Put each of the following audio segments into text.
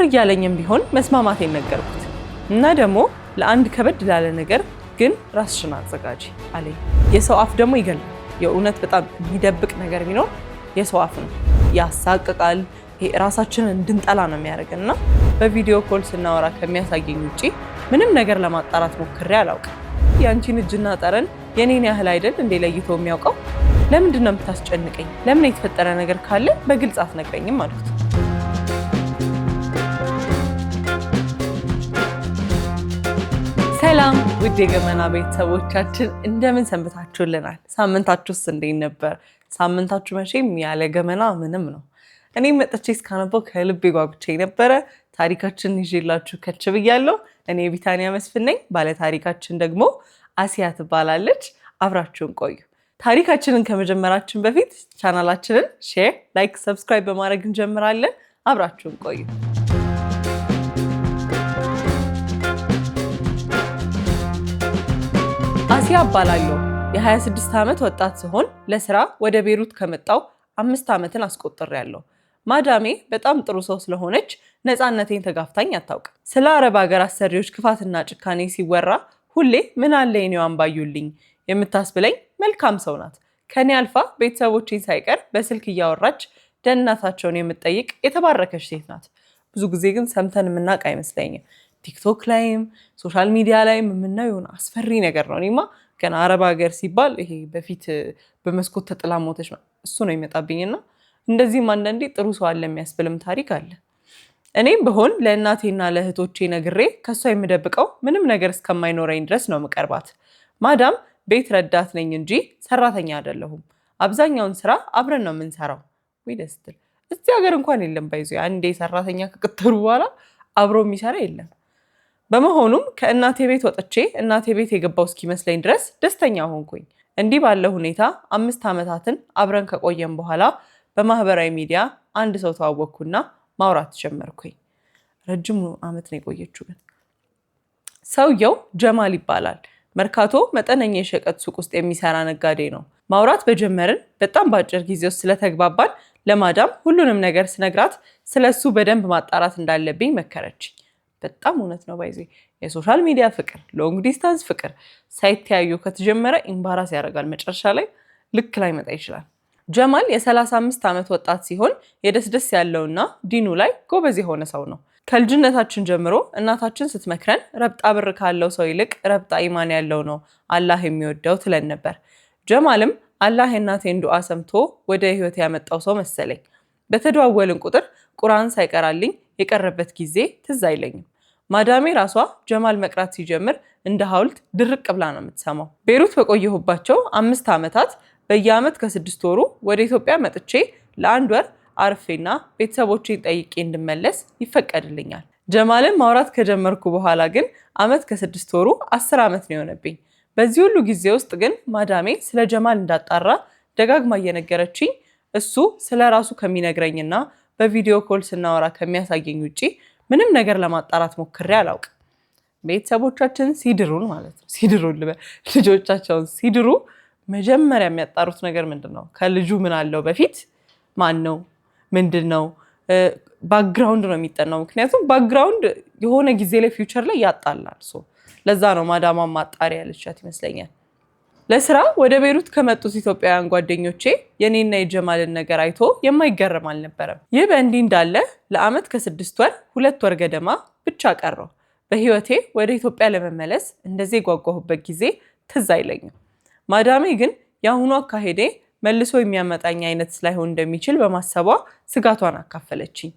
ቅር እያለኝም ቢሆን መስማማት የነገርኩት እና ደግሞ ለአንድ ከበድ ላለ ነገር ግን ራስሽን አዘጋጂ አለኝ። የሰው አፍ ደግሞ ይገል የእውነት በጣም የሚደብቅ ነገር ቢኖር የሰው አፍ ነው። ያሳቅቃል። ራሳችንን እንድንጠላ ነው የሚያደርገን እና በቪዲዮ ኮል ስናወራ ከሚያሳየኝ ውጭ ምንም ነገር ለማጣራት ሞክሬ አላውቅም። የአንቺን እጅና ጠረን የኔን ያህል አይደል እንዴ ለይቶ የሚያውቀው? ለምንድን ነው የምታስጨንቀኝ? ለምን የተፈጠረ ነገር ካለ በግልጽ አትነግረኝም አሉት ሰላም ውድ የገመና ቤተሰቦቻችን እንደምን ሰንብታችሁልናል? ሳምንታችሁስ እንዴት ነበር? ሳምንታችሁ መቼም ያለ ገመና ምንም ነው። እኔም መጥቼ እስካነበው ከልቤ ጓጉቼ ነበረ። ታሪካችን ይዤላችሁ ከች ብያለሁ። እኔ የቢታንያ መስፍን ነኝ። ባለታሪካችን ደግሞ አሲያ ትባላለች። አብራችሁን ቆዩ። ታሪካችንን ከመጀመራችን በፊት ቻናላችንን ሼር፣ ላይክ፣ ሰብስክራይብ በማድረግ እንጀምራለን። አብራችሁን ቆዩ። ሶፊያ እባላለሁ። የ26 ዓመት ወጣት ሲሆን ለስራ ወደ ቤሩት ከመጣው አምስት ዓመትን አስቆጥሬያለሁ። ማዳሜ በጣም ጥሩ ሰው ስለሆነች ነፃነቴን ተጋፍታኝ አታውቅም። ስለ አረብ ሀገር አሰሪዎች ክፋትና ጭካኔ ሲወራ ሁሌ ምን አለ የኔው አምባዩልኝ የምታስብለኝ መልካም ሰው ናት። ከኔ አልፋ ቤተሰቦቼን ሳይቀር በስልክ እያወራች ደህንነታቸውን የምትጠይቅ የተባረከች ሴት ናት። ብዙ ጊዜ ግን ሰምተን የምናውቅ አይመስለኝም። ቲክቶክ ላይም ሶሻል ሚዲያ ላይም የምናየው የሆነ አስፈሪ ነገር ነው። እኔማ ገና አረብ ሀገር ሲባል ይሄ በፊት በመስኮት ተጥላ ሞተች እሱ ነው ይመጣብኝ እና እንደዚህም አንዳንዴ ጥሩ ሰው አለ የሚያስብልም ታሪክ አለ። እኔም ብሆን ለእናቴና ለእህቶቼ ነግሬ ከእሷ የምደብቀው ምንም ነገር እስከማይኖረኝ ድረስ ነው ምቀርባት። ማዳም ቤት ረዳት ነኝ እንጂ ሰራተኛ አይደለሁም። አብዛኛውን ስራ አብረን ነው የምንሰራው። ወይ ደስትል እዚህ ሀገር እንኳን የለም። ባይዞ አንዴ ሰራተኛ ከቅጠሩ በኋላ አብሮ የሚሰራ የለም። በመሆኑም ከእናቴ ቤት ወጥቼ እናቴ ቤት የገባው እስኪመስለኝ ድረስ ደስተኛ ሆንኩኝ። እንዲህ ባለ ሁኔታ አምስት ዓመታትን አብረን ከቆየን በኋላ በማህበራዊ ሚዲያ አንድ ሰው ተዋወቅኩና ማውራት ጀመርኩኝ። ረጅሙ ዓመት ነው የቆየችው። ግን ሰውየው ጀማል ይባላል። መርካቶ መጠነኛ የሸቀጥ ሱቅ ውስጥ የሚሰራ ነጋዴ ነው። ማውራት በጀመርን በጣም በአጭር ጊዜ ውስጥ ስለተግባባን ለማዳም ሁሉንም ነገር ስነግራት ስለሱ በደንብ ማጣራት እንዳለብኝ መከረችኝ። በጣም እውነት ነው። ባይዜ የሶሻል ሚዲያ ፍቅር፣ ሎንግ ዲስታንስ ፍቅር ሳይተያዩ ከተጀመረ ኢምባራስ ያደርጋል። መጨረሻ ላይ ልክ ላይ መጣ ይችላል። ጀማል የ35 ዓመት ወጣት ሲሆን የደስደስ ያለውና ዲኑ ላይ ጎበዝ የሆነ ሰው ነው። ከልጅነታችን ጀምሮ እናታችን ስትመክረን ረብጣ ብር ካለው ሰው ይልቅ ረብጣ ኢማን ያለው ነው አላህ የሚወደው ትለን ነበር። ጀማልም አላህ የእናቴን ዱዓ ሰምቶ ወደ ህይወት ያመጣው ሰው መሰለኝ። በተደዋወልን ቁጥር ቁርአን ሳይቀራልኝ የቀረበት ጊዜ ትዝ አይለኝም። ማዳሜ ራሷ ጀማል መቅራት ሲጀምር እንደ ሐውልት ድርቅ ብላ ነው የምትሰማው። ቤሩት በቆየሁባቸው አምስት ዓመታት በየዓመት ከስድስት ወሩ ወደ ኢትዮጵያ መጥቼ ለአንድ ወር አርፌና ቤተሰቦቼን ጠይቄ እንድመለስ ይፈቀድልኛል። ጀማልን ማውራት ከጀመርኩ በኋላ ግን ዓመት ከስድስት ወሩ አስር ዓመት ነው የሆነብኝ። በዚህ ሁሉ ጊዜ ውስጥ ግን ማዳሜ ስለ ጀማል እንዳጣራ ደጋግማ እየነገረችኝ እሱ ስለ ራሱ ከሚነግረኝና በቪዲዮ ኮል ስናወራ ከሚያሳየኝ ውጪ ምንም ነገር ለማጣራት ሞክሬ አላውቅም። ቤተሰቦቻችን ሲድሩን ማለት ነው ሲድሩን ልጆቻቸውን ሲድሩ መጀመሪያ የሚያጣሩት ነገር ምንድን ነው? ከልጁ ምን አለው በፊት ማን ነው ምንድን ነው ባክግራውንድ ነው የሚጠናው። ምክንያቱም ባክግራውንድ የሆነ ጊዜ ላይ ፊውቸር ላይ ያጣላል። ለዛ ነው ማዳማ ማጣሪያ ልቻት ይመስለኛል። ለስራ ወደ ቤሩት ከመጡት ኢትዮጵያውያን ጓደኞቼ የኔና የጀማልን ነገር አይቶ የማይገርም አልነበረም። ይህ በእንዲህ እንዳለ ለአመት ከስድስት ወር ሁለት ወር ገደማ ብቻ ቀረው በህይወቴ ወደ ኢትዮጵያ ለመመለስ እንደዚህ የጓጓሁበት ጊዜ ትዝ አይለኝም። ማዳሜ ግን የአሁኑ አካሄዴ መልሶ የሚያመጣኝ አይነት ስላይሆን እንደሚችል በማሰቧ ስጋቷን አካፈለችኝ።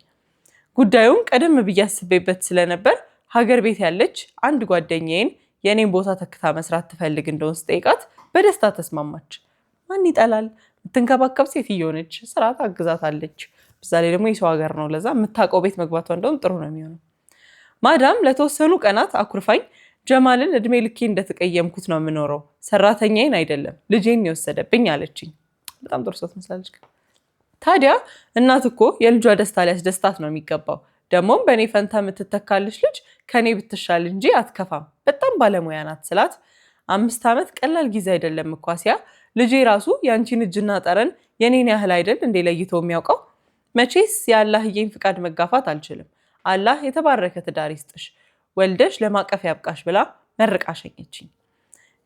ጉዳዩን ቀደም ብዬ አስቤበት ስለነበር ሀገር ቤት ያለች አንድ ጓደኛዬን የእኔን ቦታ ተክታ መስራት ትፈልግ እንደሆን ስጠይቃት በደስታ ተስማማች። ማን ይጠላል? የምትንከባከብ ሴትዮ ነች። ስራ ታግዛታለች። በዛ ላይ ደግሞ የሰው ሀገር ነው። ለዛ የምታውቀው ቤት መግባቷ እንደውም ጥሩ ነው የሚሆነው። ማዳም ለተወሰኑ ቀናት አኩርፋኝ ጀማልን እድሜ ልኬ እንደተቀየምኩት ነው የምኖረው፣ ሰራተኛዬን አይደለም ልጄን የወሰደብኝ አለችኝ። በጣም ጥሩ ሰው ትመስላለች። ታዲያ እናት እኮ የልጇ ደስታ ሊያስደስታት ነው የሚገባው። ደግሞም በእኔ ፈንታ የምትተካልሽ ልጅ ከእኔ ብትሻል እንጂ አትከፋም፣ በጣም ባለሙያ ናት ስላት አምስት ዓመት ቀላል ጊዜ አይደለም እኮ አሲያ፣ ልጄ ራሱ የአንቺን እጅና ጠረን የኔን ያህል አይደል እንዴ ለይቶ የሚያውቀው? መቼስ የአላህዬን ፍቃድ መጋፋት አልችልም። አላህ የተባረከ ትዳር ይስጥሽ፣ ወልደሽ ለማቀፍ ያብቃሽ ብላ መርቃ ሸኘችኝ።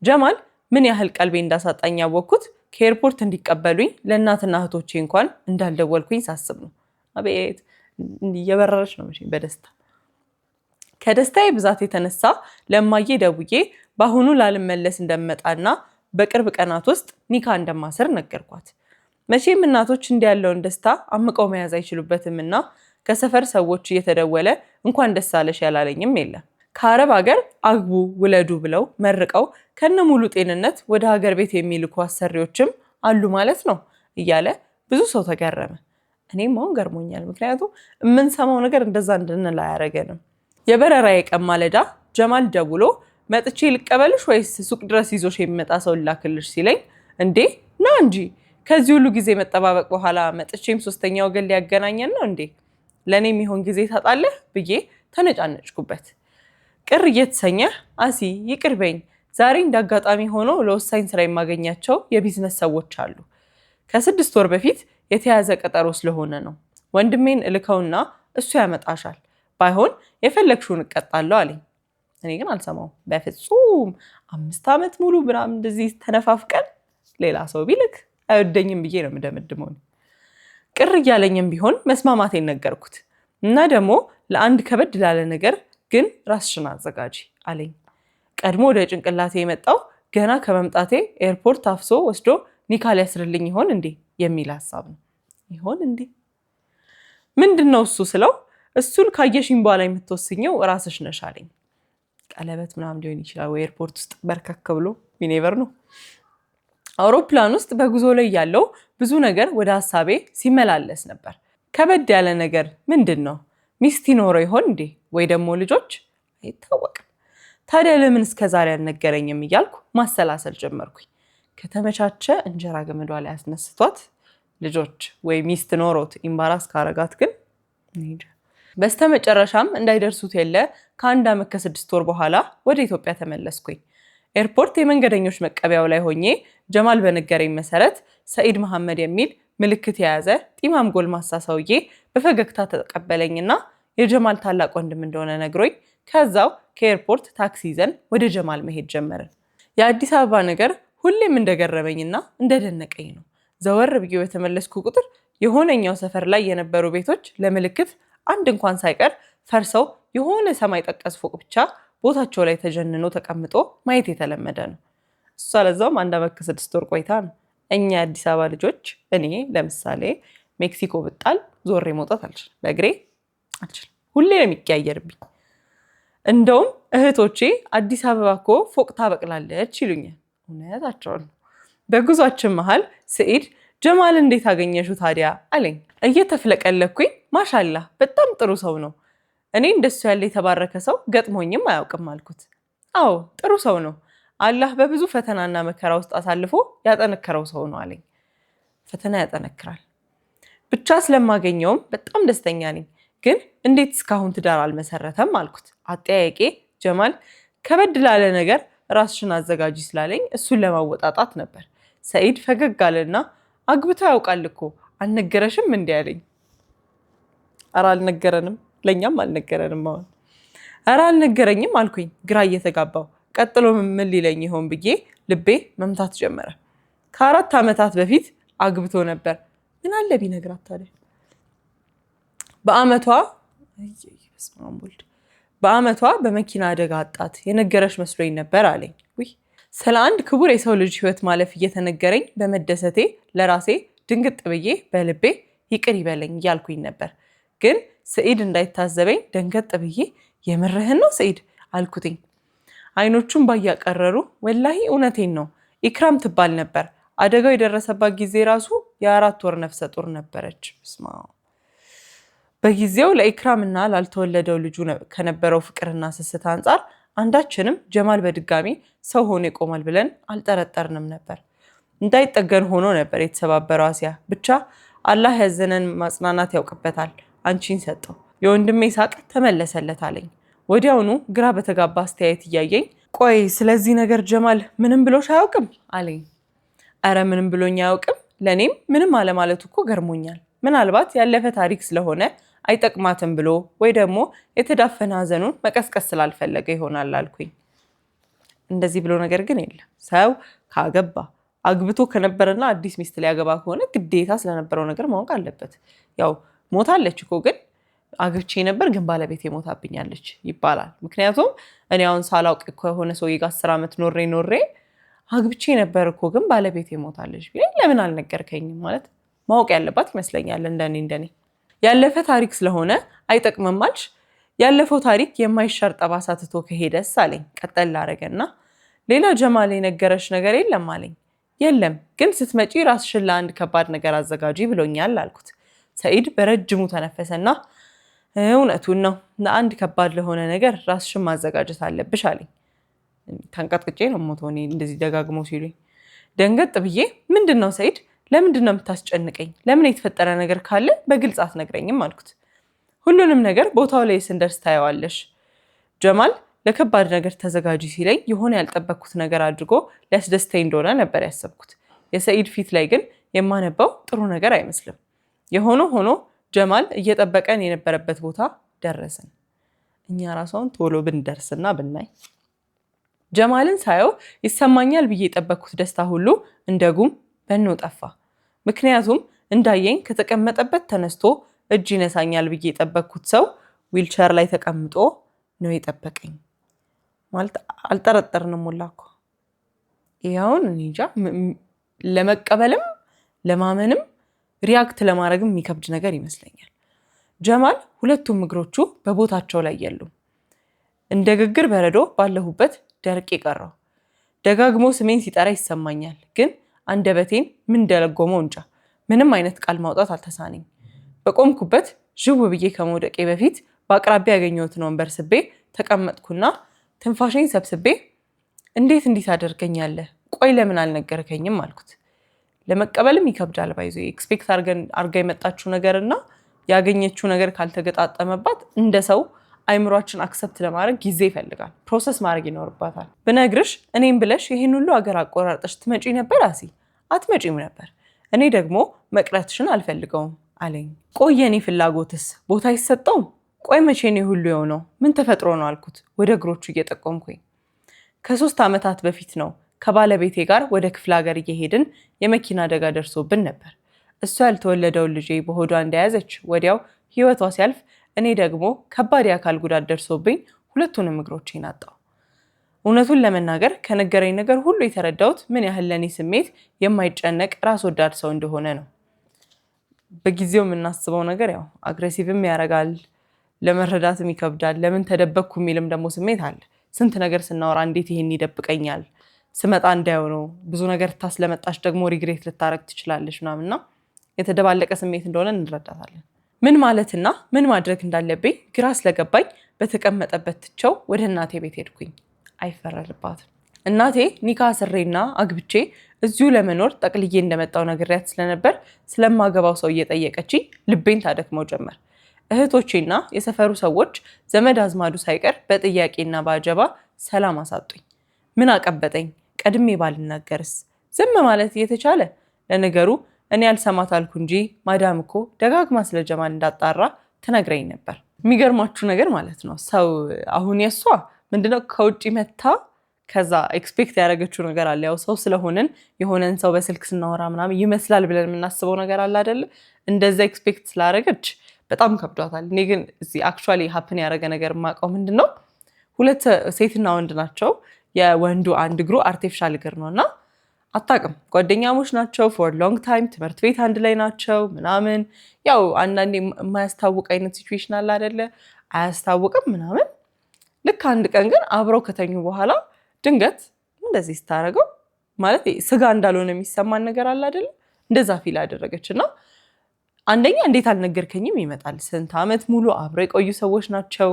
ጀማል ምን ያህል ቀልቤ እንዳሳጣኝ ያወቅኩት ከኤርፖርት እንዲቀበሉኝ ለእናትና እህቶቼ እንኳን እንዳልደወልኩኝ ሳስብ ነው። አቤት እየበረረች ነው መቼም በደስታ ከደስታዬ ብዛት የተነሳ ለማዬ ደውዬ በአሁኑ ላልመለስ እንደመጣና በቅርብ ቀናት ውስጥ ኒካ እንደማሰር ነገርኳት። መቼም እናቶች እንዲህ ያለውን ደስታ አምቀው መያዝ አይችሉበትም እና ከሰፈር ሰዎች እየተደወለ እንኳን ደስ አለሽ ያላለኝም የለም። ከአረብ ሀገር አግቡ ውለዱ ብለው መርቀው ከነ ሙሉ ጤንነት ወደ ሀገር ቤት የሚልኩ አሰሪዎችም አሉ ማለት ነው እያለ ብዙ ሰው ተገረመ። እኔም አሁን ገርሞኛል። ምክንያቱም የምንሰማው ነገር እንደዛ እንድንል አያደርገንም። የበረራ የቀማ ማለዳ ጀማል ደውሎ መጥቼ ልቀበልሽ ወይስ ሱቅ ድረስ ይዞሽ የሚመጣ ሰው ላክልሽ ሲለኝ፣ እንዴ ና እንጂ ከዚህ ሁሉ ጊዜ መጠባበቅ በኋላ መጥቼም ሶስተኛ ወገን ሊያገናኘን ነው እንዴ? ለእኔ የሚሆን ጊዜ ታጣለህ ብዬ ተነጫነጭኩበት። ቅር እየተሰኘ አሲ ይቅርበኝ፣ ዛሬ እንደ አጋጣሚ ሆኖ ለወሳኝ ስራ የማገኛቸው የቢዝነስ ሰዎች አሉ። ከስድስት ወር በፊት የተያዘ ቀጠሮ ስለሆነ ነው። ወንድሜን እልከውና እሱ ያመጣሻል፣ ባይሆን የፈለግሽውን እቀጣለሁ አለኝ። እኔ ግን አልሰማው በፍጹም አምስት ዓመት ሙሉ ምናምን እንደዚህ ተነፋፍቀን ሌላ ሰው ቢልክ አይወደኝም ብዬ ነው የምደመድመው። ቅር እያለኝም ቢሆን መስማማቴን ነገርኩት እና ደግሞ ለአንድ ከበድ ላለ ነገር ግን ራስሽን አዘጋጂ አለኝ። ቀድሞ ወደ ጭንቅላቴ የመጣው ገና ከመምጣቴ ኤርፖርት አፍሶ ወስዶ ኒካ ሊያስርልኝ ይሆን እንዴ? የሚል ሀሳብ ነው። ይሆን እንዲህ ምንድን ነው እሱ ስለው እሱን ካየሽኝ በኋላ የምትወስኘው ራስሽ ነሽ አለኝ። ቀለበት ምናምን ሊሆን ይችላል ወይ ኤርፖርት ውስጥ በርከክ ብሎ ሚኔቨር ነው። አውሮፕላን ውስጥ በጉዞ ላይ ያለው ብዙ ነገር ወደ ሀሳቤ ሲመላለስ ነበር። ከበድ ያለ ነገር ምንድን ነው? ሚስት ይኖረው ይሆን እንዴ? ወይ ደግሞ ልጆች? አይታወቅም። ታዲያ ለምን እስከ ዛሬ አልነገረኝም እያልኩ ማሰላሰል ጀመርኩኝ። ከተመቻቸ እንጀራ ገመዷ ላይ ያስነስቷት። ልጆች ወይ ሚስት ኖሮት ኢምባራስ ካረጋት ግን በስተመጨረሻም እንዳይደርሱት የለ ከአንድ ዓመት ከስድስት ወር በኋላ ወደ ኢትዮጵያ ተመለስኩኝ። ኤርፖርት የመንገደኞች መቀበያው ላይ ሆኜ ጀማል በነገረኝ መሰረት ሰኢድ መሐመድ የሚል ምልክት የያዘ ጢማም ጎልማሳ ሰውዬ በፈገግታ ተቀበለኝና የጀማል ታላቅ ወንድም እንደሆነ ነግሮኝ ከዛው ከኤርፖርት ታክሲ ይዘን ወደ ጀማል መሄድ ጀመርን። የአዲስ አበባ ነገር ሁሌም እንደገረመኝና እንደደነቀኝ ነው። ዘወር ብዬ በተመለስኩ ቁጥር የሆነኛው ሰፈር ላይ የነበሩ ቤቶች ለምልክት አንድ እንኳን ሳይቀር ፈርሰው የሆነ ሰማይ ጠቀስ ፎቅ ብቻ ቦታቸው ላይ ተጀንኖ ተቀምጦ ማየት የተለመደ ነው። እሷ ለዛውም አንድ ዓመት ከስድስት ወር ቆይታ ነው። እኛ የአዲስ አበባ ልጆች፣ እኔ ለምሳሌ ሜክሲኮ ብጣል ዞሬ መውጣት አልችልም፣ በእግሬ አልችልም። ሁሌ ነው የሚቀያየርብኝ። እንደውም እህቶቼ አዲስ አበባ እኮ ፎቅ ታበቅላለች ይሉኛል። እውነታቸውን ነው። በጉዟችን መሃል ስዒድ ጀማል እንዴት አገኘሹ ታዲያ አለኝ። እየተፍለቀለኩኝ ማሻላ በጣም ጥሩ ሰው ነው፣ እኔ እንደሱ ያለ የተባረከ ሰው ገጥሞኝም አያውቅም አልኩት። አዎ ጥሩ ሰው ነው፣ አላህ በብዙ ፈተናና መከራ ውስጥ አሳልፎ ያጠነከረው ሰው ነው አለኝ። ፈተና ያጠነክራል። ብቻ ስለማገኘውም በጣም ደስተኛ ነኝ፣ ግን እንዴት እስካሁን ትዳር አልመሰረተም አልኩት። አጠያየቄ ጀማል ከበድ ላለ ነገር ራስሽን አዘጋጅ ስላለኝ እሱን ለማወጣጣት ነበር። ሰኢድ ፈገግ አለና አግብቶ ያውቃል እኮ አልነገረሽም እንዲህ አለኝ። ኧረ አልነገረንም፣ ለእኛም አልነገረንም። አሁን ኧረ አልነገረኝም አልኩኝ ግራ እየተጋባው ቀጥሎ ምን ሊለኝ ይሆን ብዬ ልቤ መምታት ጀመረ። ከአራት ዓመታት በፊት አግብቶ ነበር። ምን አለ ቢነግራት ታዲያ በአመቷ በአመቷ በመኪና አደጋ አጣት የነገረች መስሎኝ ነበር አለኝ። ስለ አንድ ክቡር የሰው ልጅ ህይወት ማለፍ እየተነገረኝ በመደሰቴ ለራሴ ድንግጥ ብዬ በልቤ ይቅር ይበለኝ እያልኩኝ ነበር። ግን ስዒድ እንዳይታዘበኝ ደንገጥ ብዬ የምርህን ነው ስዒድ አልኩትኝ። አይኖቹን ባያቀረሩ ወላሂ እውነቴን ነው ኢክራም ትባል ነበር። አደጋው የደረሰባት ጊዜ ራሱ የአራት ወር ነፍሰ ጡር ነበረች። ስማ በጊዜው ለኢክራምና ላልተወለደው ልጁ ከነበረው ፍቅርና ስስት አንጻር አንዳችንም ጀማል በድጋሚ ሰው ሆኖ ይቆማል ብለን አልጠረጠርንም ነበር። እንዳይጠገን ሆኖ ነበር የተሰባበረው አሲያ። ብቻ አላህ ያዘነን ማጽናናት ያውቅበታል። አንቺን ሰጠው የወንድሜ ሳቅ ተመለሰለት አለኝ። ወዲያውኑ ግራ በተጋባ አስተያየት እያየኝ ቆይ ስለዚህ ነገር ጀማል ምንም ብሎሽ አያውቅም አለኝ። አረ ምንም ብሎኝ አያውቅም። ለእኔም ምንም አለማለቱ እኮ ገርሞኛል። ምናልባት ያለፈ ታሪክ ስለሆነ አይጠቅማትም ብሎ ወይ ደግሞ የተዳፈነ ሀዘኑን መቀስቀስ ስላልፈለገ ይሆናል አልኩኝ። እንደዚህ ብሎ ነገር ግን የለም። ሰው ካገባ አግብቶ ከነበረና አዲስ ሚስት ሊያገባ ከሆነ ግዴታ ስለነበረው ነገር ማወቅ አለበት። ያው ሞታለች እኮ ግን አግብቼ ነበር ግን ባለቤቴ ሞታብኛለች ይባላል። ምክንያቱም እኔ አሁን ሳላውቅ ከሆነ ሰውዬ ጋር አስር ዓመት ኖሬ ኖሬ አግብቼ ነበር እኮ ግን ባለቤት የሞታለች ለምን አልነገርከኝም ማለት ማወቅ ያለባት ይመስለኛል እንደኔ እንደኔ ያለፈ ታሪክ ስለሆነ አይጠቅምም አልሽ። ያለፈው ታሪክ የማይሻር ጠባሳ ትቶ ከሄደስ አለኝ። ቀጠል ላረገና ሌላ ጀማል የነገረሽ ነገር የለም አለኝ። የለም ግን ስትመጪ ራስሽን ለአንድ ከባድ ነገር አዘጋጂ ብሎኛል አልኩት። ሰኢድ በረጅሙ ተነፈሰና እውነቱን ነው ለአንድ ከባድ ለሆነ ነገር ራስሽን ማዘጋጀት አለብሽ አለኝ። ተንቀጥቅጬ ነው ሞቶ ሆኔ እንደዚህ ደጋግሞ ሲሉኝ ደንገጥ ብዬ ምንድን ነው ሰኢድ ለምንድን ነው የምታስጨንቀኝ? ለምን የተፈጠረ ነገር ካለ በግልጽ አትነግረኝም? አልኩት። ሁሉንም ነገር ቦታው ላይ ስንደርስ ታየዋለሽ። ጀማል ለከባድ ነገር ተዘጋጁ ሲለኝ የሆነ ያልጠበቅኩት ነገር አድርጎ ሊያስደስተኝ እንደሆነ ነበር ያሰብኩት። የሰኢድ ፊት ላይ ግን የማነባው ጥሩ ነገር አይመስልም። የሆነ ሆኖ ጀማል እየጠበቀን የነበረበት ቦታ ደረስን። እኛ ራሷን ቶሎ ብንደርስና ብናይ ጀማልን ሳየው ይሰማኛል ብዬ የጠበቅኩት ደስታ ሁሉ እንደ ጉም በኖ ጠፋ። ምክንያቱም እንዳየኝ ከተቀመጠበት ተነስቶ እጅ ይነሳኛል ብዬ የጠበቅኩት ሰው ዊልቸር ላይ ተቀምጦ ነው የጠበቀኝ። ማለት አልጠረጠርንም። ሞላ እኮ ይኸውን እንጃ ለመቀበልም ለማመንም ሪያክት ለማድረግም የሚከብድ ነገር ይመስለኛል። ጀማል ሁለቱም እግሮቹ በቦታቸው ላይ የሉም። እንደ ግግር በረዶ ባለሁበት ደርቅ የቀረው ደጋግሞ ስሜን ሲጠራ ይሰማኛል ግን አንደበቴን ምን እንደለጎመው እንጃ ምንም አይነት ቃል ማውጣት አልተሳነኝ። በቆምኩበት ዥው ብዬ ከመውደቄ በፊት በአቅራቢያ ያገኘሁትን ወንበር ስቤ ተቀመጥኩና ትንፋሽኝ ሰብስቤ እንዴት አደርገኝ ያለ ቆይ ለምን አልነገርከኝም? አልኩት። ለመቀበልም ይከብዳል። ባይዞ ኤክስፔክት አርጋ የመጣችው ነገር እና ያገኘችው ነገር ካልተገጣጠመባት እንደ ሰው አይምሯችን አክሰፕት ለማድረግ ጊዜ ይፈልጋል። ፕሮሰስ ማድረግ ይኖርባታል። ብነግርሽ እኔም ብለሽ ይህን ሁሉ አገር አቆራርጠሽ ትመጪ ነበር አሲ፣ አትመጪም ነበር። እኔ ደግሞ መቅረትሽን አልፈልገውም አለኝ። ቆይ ፍላጎትስ ቦታ ይሰጠውም? ቆይ መቼ ነው ሁሉ የሆነው? ምን ተፈጥሮ ነው አልኩት፣ ወደ እግሮቹ እየጠቆምኩኝ። ከሶስት ዓመታት በፊት ነው ከባለቤቴ ጋር ወደ ክፍለ ሀገር እየሄድን የመኪና አደጋ ደርሶብን ነበር። እሷ ያልተወለደውን ልጄ በሆዷ እንደያዘች ወዲያው ህይወቷ ሲያልፍ እኔ ደግሞ ከባድ የአካል ጉዳት ደርሶብኝ ሁለቱንም እግሮቼን አጣሁ። እውነቱን ለመናገር ከነገረኝ ነገር ሁሉ የተረዳሁት ምን ያህል ለእኔ ስሜት የማይጨነቅ ራስ ወዳድ ሰው እንደሆነ ነው። በጊዜው የምናስበው ነገር ያው አግሬሲቭም ያደርጋል፣ ለመረዳትም ይከብዳል። ለምን ተደበቅኩ የሚልም ደግሞ ስሜት አለ። ስንት ነገር ስናወራ እንዴት ይሄን ይደብቀኛል ስመጣ እንዳየው ነው። ብዙ ነገር ታስለመጣች ደግሞ ሪግሬት ልታረግ ትችላለች ምናምንና የተደባለቀ ስሜት እንደሆነ እንረዳታለን። ምን ማለትና ምን ማድረግ እንዳለብኝ ግራ ስለገባኝ በተቀመጠበት ትቸው ወደ እናቴ ቤት ሄድኩኝ። አይፈረድባትም። እናቴ ኒካ ስሬና አግብቼ እዚሁ ለመኖር ጠቅልዬ እንደመጣው ነግሬያት ስለነበር ስለማገባው ሰው እየጠየቀችኝ ልቤን ታደክመው ጀመር። እህቶቼና የሰፈሩ ሰዎች ዘመድ አዝማዱ ሳይቀር በጥያቄና በአጀባ ሰላም አሳጡኝ። ምን አቀበጠኝ? ቀድሜ ባልናገርስ? ዝም ማለት እየተቻለ ለነገሩ እኔ አልሰማት አልኩ እንጂ ማዳም እኮ ደጋግማ ስለ ጀማል እንዳጣራ ትነግረኝ ነበር። የሚገርማችሁ ነገር ማለት ነው ሰው አሁን የእሷ ምንድነው ከውጭ መታ ከዛ ኤክስፔክት ያደረገችው ነገር አለ። ያው ሰው ስለሆንን የሆነን ሰው በስልክ ስናወራ ምናምን ይመስላል ብለን የምናስበው ነገር አለ አይደለ? እንደዛ ኤክስፔክት ስላደረገች በጣም ከብዷታል። እኔ ግን እዚህ አክቹዋሊ ሀፕን ያደረገ ነገር የማውቀው ምንድን ነው ሁለት ሴትና ወንድ ናቸው። የወንዱ አንድ እግሩ አርቴፊሻል እግር ነው እና አታቅም ጓደኛሞች ናቸው ፎር ሎንግ ታይም ትምህርት ቤት አንድ ላይ ናቸው ምናምን። ያው አንዳንዴ የማያስታውቅ አይነት ሲቹዌሽን አለ አይደለ? አያስታውቅም ምናምን። ልክ አንድ ቀን ግን አብረው ከተኙ በኋላ ድንገት እንደዚህ ስታደርገው ማለት ስጋ እንዳልሆነ የሚሰማን ነገር አለ አይደለ? እንደዛ ፊል አደረገች እና አንደኛ እንዴት አልነገርከኝም ይመጣል። ስንት አመት ሙሉ አብረው የቆዩ ሰዎች ናቸው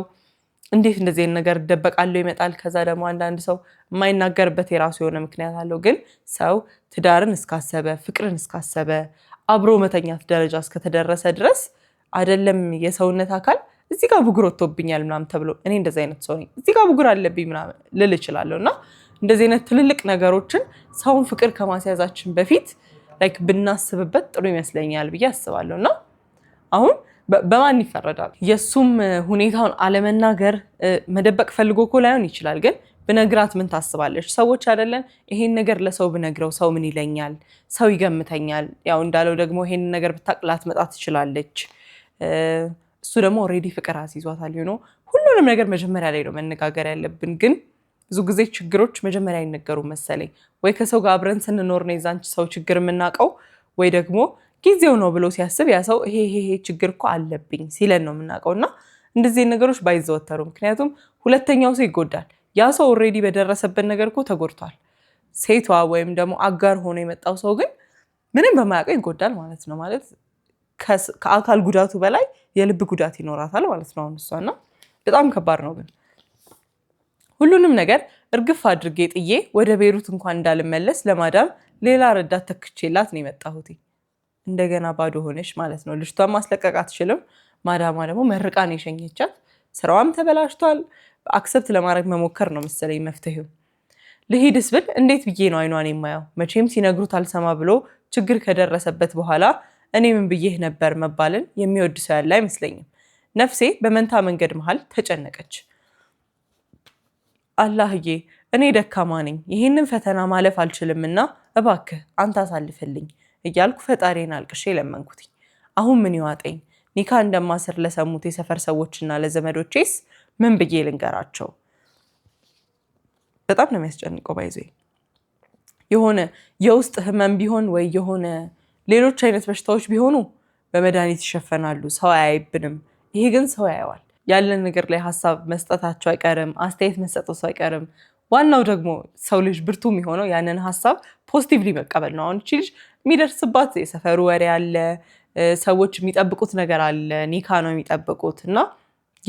እንዴት እንደዚህ ነገር ደበቃለሁ ይመጣል። ከዛ ደግሞ አንዳንድ ሰው የማይናገርበት የራሱ የሆነ ምክንያት አለው። ግን ሰው ትዳርን እስካሰበ ፍቅርን እስካሰበ አብሮ መተኛት ደረጃ እስከተደረሰ ድረስ አይደለም የሰውነት አካል እዚህ ጋር ብጉር ወጥቶብኛል ምናምን ተብሎ እኔ እንደዚህ አይነት ሰው ነኝ እዚህ ጋር ብጉር አለብኝ ምናምን ልል እችላለሁ። እና እንደዚህ አይነት ትልልቅ ነገሮችን ሰውን ፍቅር ከማስያዛችን በፊት ላይክ ብናስብበት ጥሩ ይመስለኛል ብዬ አስባለሁ እና አሁን በማን ይፈረዳል? የእሱም ሁኔታውን አለመናገር መደበቅ ፈልጎ እኮ ላይሆን ይችላል። ግን ብነግራት ምን ታስባለች? ሰዎች አይደለን? ይሄን ነገር ለሰው ብነግረው ሰው ምን ይለኛል? ሰው ይገምተኛል። ያው እንዳለው ደግሞ ይሄን ነገር ብታቅላት መጣ ትችላለች። እሱ ደግሞ ኦልሬዲ ፍቅር አስይዟታል። ሆኖ ሁሉንም ነገር መጀመሪያ ላይ ነው መነጋገር ያለብን። ግን ብዙ ጊዜ ችግሮች መጀመሪያ ይነገሩ መሰለኝ። ወይ ከሰው ጋር አብረን ስንኖር ነው የዛን ሰው ችግር የምናውቀው ወይ ደግሞ ጊዜው ነው ብሎ ሲያስብ ያ ሰው ይሄ ይሄ ችግር እኮ አለብኝ ሲለን ነው የምናውቀው። እና እንደዚህ ነገሮች ባይዘወተሩ፣ ምክንያቱም ሁለተኛው ሰው ይጎዳል። ያ ሰው ኦልሬዲ በደረሰበት ነገር እኮ ተጎድቷል። ሴቷ ወይም ደግሞ አጋር ሆኖ የመጣው ሰው ግን ምንም በማያውቀው ይጎዳል ማለት ነው። ማለት ከአካል ጉዳቱ በላይ የልብ ጉዳት ይኖራታል ማለት ነው። አሁን እሷ እና በጣም ከባድ ነው ግን ሁሉንም ነገር እርግፍ አድርጌ ጥዬ ወደ ቤሩት እንኳን እንዳልመለስ ለማዳም ሌላ ረዳት ተክቼላት ነው የመጣሁት። እንደገና ባዶ ሆነች ማለት ነው። ልጅቷን ማስለቀቅ አትችልም። ማዳማ ደግሞ መርቃን የሸኘቻት ስራዋም ተበላሽቷል። አክሰብት ለማድረግ መሞከር ነው መሰለኝ መፍትሄው። ልሂድስ ብል እንዴት ብዬ ነው አይኗን የማየው? መቼም ሲነግሩት አልሰማ ብሎ ችግር ከደረሰበት በኋላ እኔ ምን ብዬህ ነበር መባልን የሚወድ ሰው ያለ አይመስለኝም። ነፍሴ በመንታ መንገድ መሃል ተጨነቀች። አላህዬ እኔ ደካማ ነኝ፣ ይህንን ፈተና ማለፍ አልችልምና እባክህ አንተ አሳልፈልኝ እያልኩ ፈጣሪን አልቅሼ የለመንኩት አሁን ምን ይዋጠኝ? ኒካ እንደማስር ለሰሙት የሰፈር ሰዎችና ለዘመዶቼስ ምን ብዬ ልንገራቸው? በጣም ነው የሚያስጨንቀው። ባይዞ የሆነ የውስጥ ህመም ቢሆን ወይ የሆነ ሌሎች አይነት በሽታዎች ቢሆኑ በመድኃኒት ይሸፈናሉ፣ ሰው አያይብንም። ይሄ ግን ሰው ያየዋል። ያለን ነገር ላይ ሀሳብ መስጠታቸው አይቀርም፣ አስተያየት ሰው አይቀርም፣ ዋናው ደግሞ ሰው ልጅ ብርቱ የሚሆነው ያንን ሀሳብ ፖዚቲቭሊ መቀበል ነው። አሁን እቺ ልጅ የሚደርስባት የሰፈሩ ወሬ አለ፣ ሰዎች የሚጠብቁት ነገር አለ፣ ኒካ ነው የሚጠብቁት እና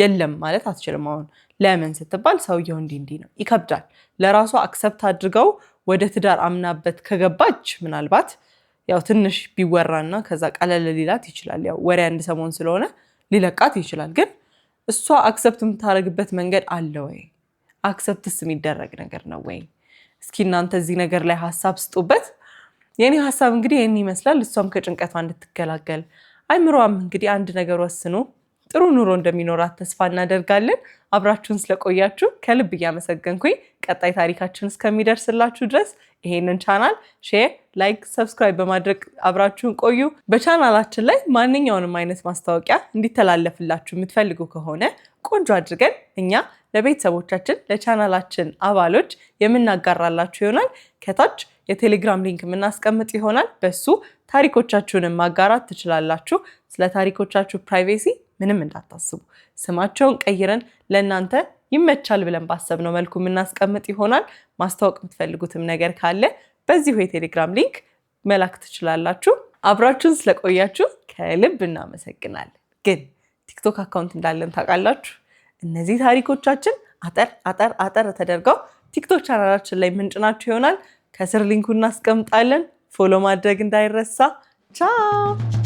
የለም ማለት አትችልም። አሁን ለምን ስትባል ሰውየው እንዲህ እንዲህ ነው ይከብዳል። ለራሷ አክሰብት አድርገው ወደ ትዳር አምናበት ከገባች ምናልባት ያው ትንሽ ቢወራና ከዛ ቀለል ሊላት ይችላል። ያው ወሬ አንድ ሰሞን ስለሆነ ሊለቃት ይችላል። ግን እሷ አክሰብት የምታደርግበት መንገድ አለ ወይ አክሰፕትስ የሚደረግ ነገር ነው ወይ? እስኪ እናንተ እዚህ ነገር ላይ ሀሳብ ስጡበት። የእኔ ሀሳብ እንግዲህ ይህን ይመስላል። እሷም ከጭንቀቷ እንድትገላገል አይምሯም እንግዲህ አንድ ነገር ወስኖ ጥሩ ኑሮ እንደሚኖራት ተስፋ እናደርጋለን። አብራችሁን ስለቆያችሁ ከልብ እያመሰገንኩኝ ቀጣይ ታሪካችን እስከሚደርስላችሁ ድረስ ይሄንን ቻናል ሼር፣ ላይክ፣ ሰብስክራይብ በማድረግ አብራችሁን ቆዩ። በቻናላችን ላይ ማንኛውንም አይነት ማስታወቂያ እንዲተላለፍላችሁ የምትፈልጉ ከሆነ ቆንጆ አድርገን እኛ ለቤተሰቦቻችን ለቻናላችን አባሎች የምናጋራላችሁ ይሆናል። ከታች የቴሌግራም ሊንክ የምናስቀምጥ ይሆናል። በሱ ታሪኮቻችሁንም ማጋራት ትችላላችሁ። ስለ ታሪኮቻችሁ ፕራይቬሲ ምንም እንዳታስቡ። ስማቸውን ቀይረን ለእናንተ ይመቻል ብለን ባሰብነው መልኩ የምናስቀምጥ ይሆናል። ማስታወቅ የምትፈልጉትም ነገር ካለ በዚሁ የቴሌግራም ሊንክ መላክ ትችላላችሁ። አብራችሁን ስለቆያችሁ ከልብ እናመሰግናለን። ግን ቲክቶክ አካውንት እንዳለን ታውቃላችሁ? እነዚህ ታሪኮቻችን አጠር አጠር አጠር ተደርገው ቲክቶክ ቻናላችን ላይ ምንጭናችሁ ይሆናል። ከስር ሊንኩ እናስቀምጣለን። ፎሎ ማድረግ እንዳይረሳ። ቻው